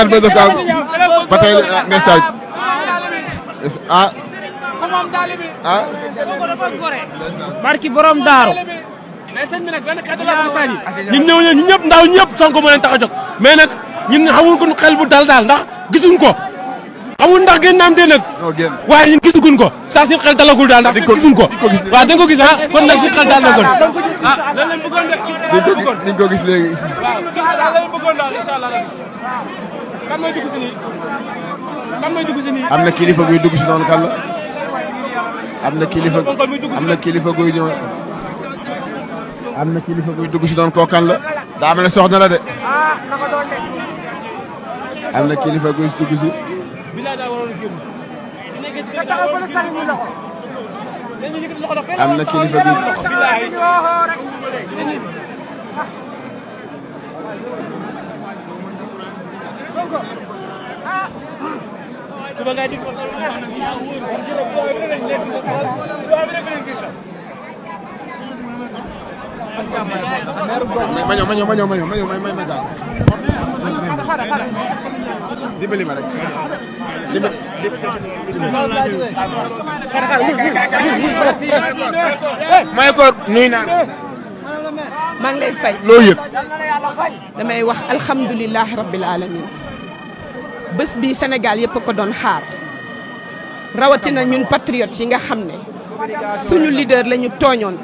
Herbert de Kang ba tey ah, message ah ah. barki borom daaru mais ñëw ñëw ñëpp ndaw ñëpp Sonko moo leen tax a jóg mais nag ñun xamul ko xel bu dal daal ndax gisuñ ko. xamul ndax gën naam dee nag. waaye ñun gisaguñ xel dalagul daal ndax gisuñ ko. waaw da nga ko gis ah kon nag xel daal la kon. ko gis di nga ko gis léegi. waaw kan mooy dugg si nii kan mooy dugg si nii. am na kilifa guy dugg si noonu kan la am na kilifa am na kilifa guy ñëw am na kilifa guy dugg si noonu koo kan la daa mel ne soxna la de ah, am na kilifa guy dugg si. am na kilifa guy. suba nga dikk ma ñëw ma ñëw ma ñëw ma ñëw ma ñëw may ma daal. dimbali ma rek. dimbali. may ko nuy naan. maa ngi lay fay. loo yëg. damay wax alhamdulilah rabbil alamin bés bii Sénégal yëpp ko doon xaar rawatina ñun patriotes yi nga xam ne suñu leader lañu tooñoon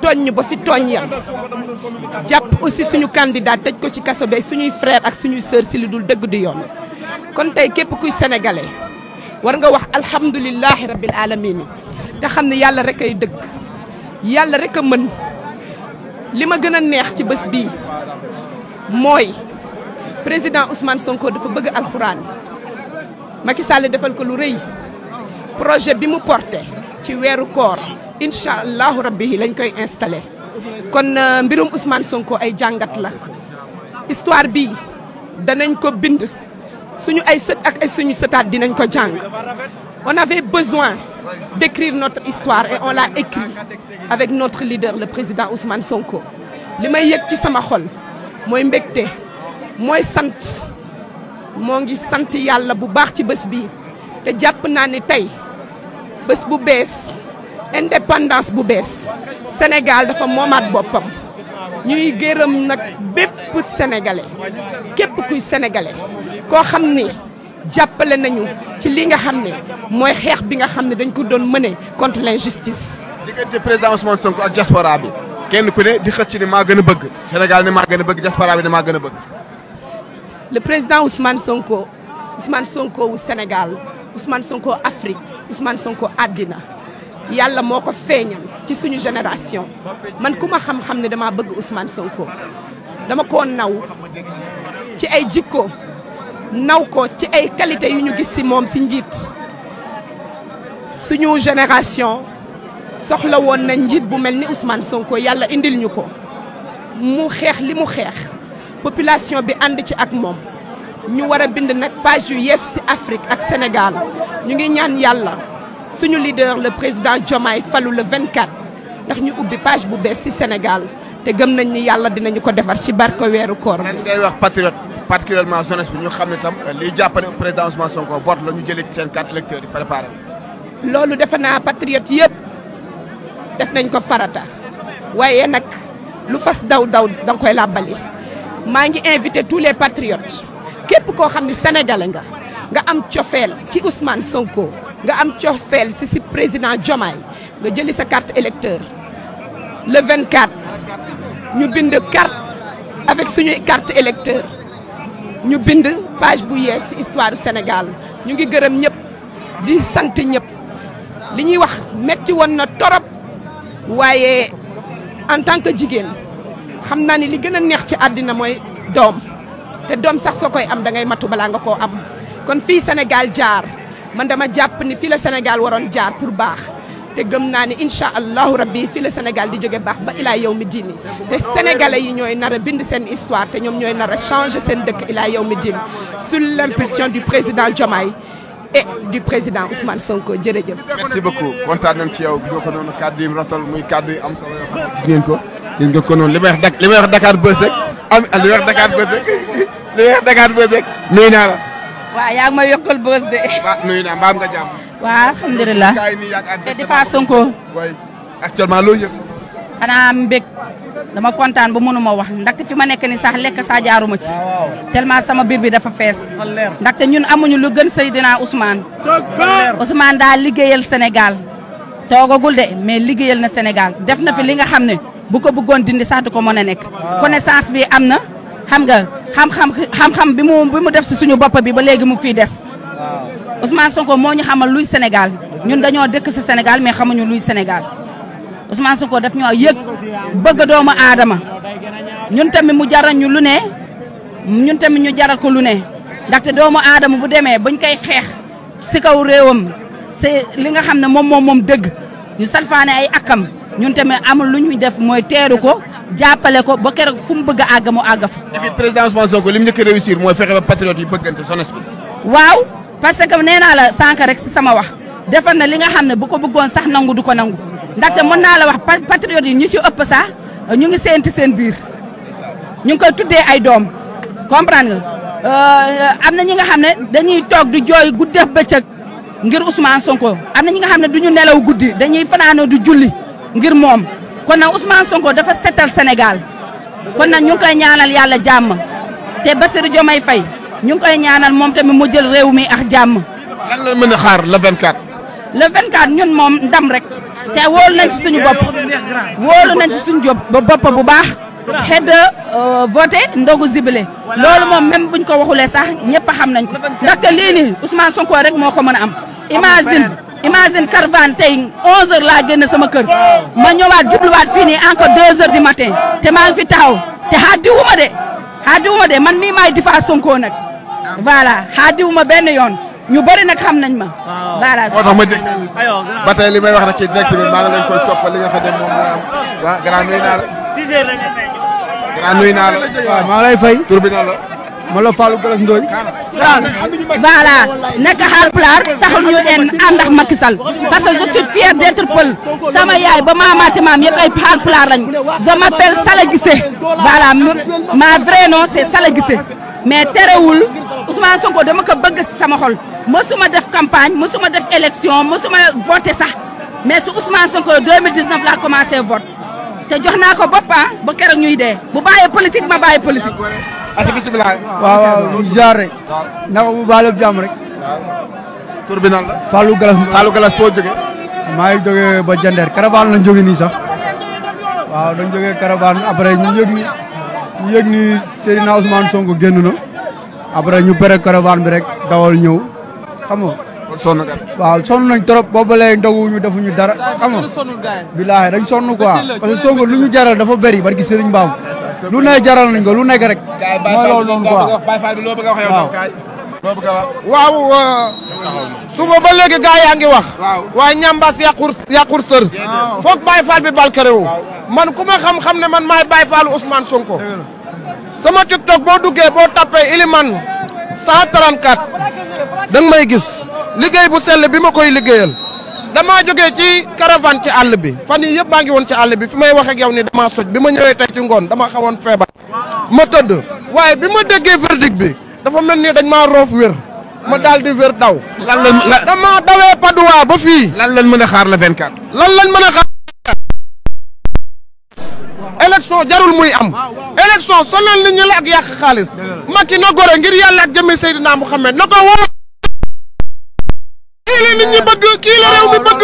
tooñ ba fi tooñ yam jàpp aussi suñu candidat tëj ko ci kaso bi suñuy frère ak suñuy sœur si li dul dëgg di yoon kon tey képp kuy sénégalais war nga wax alhamdulilahi rabbil alamin te xam ne yàlla rek ay dëgg yàlla rek a mën li ma gën a neex ci bés bii mooy président Ousmane Sonko dafa bëgg alxuraan Macky Sall defal ko lu rëy projet bi mu porté ci weeru koor incha allahu rabbi lañ koy installé kon euh, mbirum Ousmane Sonko ay jàngat la histoire bi danañ ko bind suñu ay sët ak ay suñu sëtaat dinañ ko jàng on avait besoin d'écrire notre histoire et on l'a écrit avec notre leader le président Ousmane Sonko li may yëg ci sama xol mooy mbégte mooy sant moo ngi sant yàlla bu baax ci bés bi te jàpp naa ni tey bés bu bees indépendance bu bees Sénégal dafa moomaat boppam ñuy gërëm nag bépp sénégalais képp kuy sénégalais koo xam ni jàppale nañu ci li nga xam ne mooy xeex bi nga xam ne dañ ko doon mëne contre l'injustice. diggante président Ousmane Sonko ak diaspora bi kenn ku ne di xëcc ni maa gën a bëgg Sénégal ne maa gën a bëgg diaspora bi ne maa gën a bëgg. le président Ousmane Sonko Ousmane Sonko wu Sénégal Ousmane Sonko Afrique Ousmane Sonko àddina yàlla moo ko feeñal ci suñu génération man ku ma xam ne dama bëgg Ousmane Sonko dama ko naw ci ay jikko naw ko ci ay qualité yu ñu gis si moom si njiit suñu génération soxla woon na njiit bu mel ni Ousmane Sonko yàlla indil ñu ko mu xeex li mu xeex population bi ànd ci ak moom ñu war a bind nag page yu yees ci Afrique ak Sénégal ñu ngi ñaan yàlla suñu lider le président Diomaye falu le 24 ndax ñu ubbi page bu bees ci Sénégal te gëm nañ ni yàlla dinañu ko defar ci barke weeru koor bi. ngay wax patriote particulièrement jeunesse bi ñu xam ne tam liy jàppale président Ousmane Sonko vote la ñu jëlee seen carte électeur yi préparé. loolu defe naa patriote yëpp def nañ ko farata waaye nag lu fas daw daw danga koy làbbali maa ngi invité tous les patriotes képp koo xam ne sénégalais nga nga am cofeel ci Ousmane Sonko nga am cofeel si si président Diomaye nga jëli sa carte électeur le 24 ñu bind carte avec suñuy carte électeur ñu bind page bu yees si histoire du Sénégal ñu ngi gërëm ñëpp di sant ñëpp li ñuy wax metti woon na torop waaye en tant que jigéen xam naa ni li gën a neex ci àddina mooy doom te doom sax soo koy am da ngay matu balaa nga koo am kon fii Sénégal jaar man dama jàpp ni fii la Sénégal waroon jaar pour baax te gëm naa ni incha allahu rabbi fii la Sénégal di jóge baax ba ilaa yow mi diini te sénégalais yi ñooy nara bind seen histoire te ñoom ñooy nar a changer seen dëkk ilaa yow mi diini su l' impulsion du président Diomaye et du président Ousmane Sonko jërëjëf. merci beaucoup kontaan nañ ci yow bi nga ko noonu muy kàddu yi am solo yoo dégg nga ko li may wax li may wax Dakar Buzz rek am ah, li may wax Dakar Buzz rek li may yaa ngi may yokkal de. waaw nuyu naa mbaam nga jàmm. waaw alhamdulilah. c'est Difa Sonko. waay actuellement loo yëg. xanaa mbég dama kontaan ba mënuma wax ndaxte fi ma nekk ni sax lekk saa jaaruma ci. tellement sama biir bi dafa fees. ndaxte ñun amuñu lu gën Seydina Ousmane. Ousmane daa liggéeyal Sénégal. toogagul de mais liggéeyal na Sénégal def na fi li nga xam ne. bu ko bëggoon dindi sax du ko mën a nekk. Ah. connaissance bi am na xam nga xam-xam xam bi mu bi mu def si suñu bopp bi ba léegi mu fii des. Ah. Ousmane Sonko moo ñu xamal luy Sénégal ñun dañoo dëkk si Sénégal mais xamuñu luy Sénégal Ousmane Sonko daf ñoo yëg bëgg doomu aadama ñun tamit mu jara ñu lu ne ñun tamit ñu jaral ko lu ne ndaxte doomu aadama bu demee bañ koy xeex si kaw réewam si li nga xam ne moom moom moom dëgg ñu salfaane ay akam. ñun tamit amul lu ñuy def mooy teeru ko jàppale ko ba keroog fu mu bëgg a àgg mu àgg fa. et président Ousmane Sonko li mu njëkk réussir mooy fexe ba patriote yi bëggante sones waaw parce que nee naa la sànq rek si sama wax defar na li nga xam ne bu ko bëggoon sax nangu du ko nangu ndaxte mën naa la wax patriote yi ñu ci ëpp sax ñu ngi séenti seen biir ñu ngi koy tuddee ay doom comprendre nga euh, am na ñi nga xam ne dañuy toog di jooy guddeef bëccëg ngir Ousmane Sonko am na ñi nga xam ne du ñu nelaw guddi dañuy fanaanoo du julli. ngir moom kon na Ousmane Sonko dafa setal Sénégal kon nag ñu ngi ñaanal yàlla jàmm te Bassirou Diomaye fay ñu ngi ñaanal moom tamit mu jël réew mi ak jàmm. lan la mën a xaar le 24. le 24 ñun moom ndam rek te wóolu nañ suñu bopp wóolu nañ ci suñu bopp bu baax. xedd euh, voté ndogu zibile loolu moom même buñ ko waxulee sax ñëpp xam nañ ko ndaxte lii nii Sonko rek moo ko mën a am imagine imagine caravane tey 11h laa génn sama kër ma ñëwaat jubluwaat fii nii encore 2h du matin te maa ngi fi taxaw te xaadiwu ma de xaadiwu ma de man mii maay difaa Sonko nag voilà xaadiwu ma benn yoon ñu bëri nag xam nañ ma. voilà moo tax ma dégg ba tey li may wax rek ci direct bi maa ngi leen koy toppal li nga xam moom mooy am waaw grand nuyu fay la. ma la Fallou Gallas Ndoye. voilà nekk Haalpulaar taxul ñu en ànd ak Macky Sall parce que je suis fier d'être Pël sama yaay ba maamaati maam yëpp ay Haalpulaar lañu je m'appelle Sala Gissé voilà ma vrai nom Sala Gissé mais terewul Ousmane Sonko dama ko bëgg ci sama xol mësuma def campagne mësuma def élection mësuma voté sax mais su Ousmane Sonko 2019 laa commencé vote te jox naa ko bopp ah, ba keroog ñuy dee bu bàyyee politique ma bàyyi politique. ak ah, bisimilah. waaw waaw jaar rek. waaw naka bu baax lépp jàmm rek. waaw tur bi nan la. Fallou Galas. Fallou Galas foo maa ngi jógee ba Jandeer caravane lañ jógee nii sax. waaw dañ jógee caravane après ñu yëg ni ñu yëg ni Seydina Ousmane Sonko génn na. après ñu bere caravane bi rek dawal ñëw xam nga. sonn nga waaw sonn nañ trop boobu ba léegi ñu defuñu dara. xam nga bilaay dañ sonn quoi. parce que Sonko lu ñu jaral dafa bëri barki Serigne Bamba. lu ne jaral nañ ko lu nekk rek. mooy loolu noonu quoi Baye Fall bi loo bëgg a wax yow nag kaay. loo bëgg wax. waaw suba yàqur yàqur sër. foog Baye Fall bi balkare man ku ma xam-xam ne man maay Baye Fall Ousmane Sonko. sama TikTok boo duggee boo tapee Ilimane 134 da may gis liggéey bu sell bi ma koy liggéeyal. damaa jógee ci caravane ci àll bi fan yii yëpp maa ngi woon ci àll bi fi may wax ak yow ni soj bi ma ñëwee tey ci ngoon dama xawoon feebar ma tëdd waaye bi ma déggee verdict bi dafa mel ni dañ maa roof wér ma daal di wér daw. lan la dama dawee Padoa ba fii. lan lañ mën a xaar la 24. lan lañ mën a xaar. élection jarul muy am. élection soo nit ñi la ak yàq xaalis. Macky na gore ngir yàlla ak jëmee Seydina Mouhamed na ko woo. kii la nit ñi bëgg kii la réew mi bëgg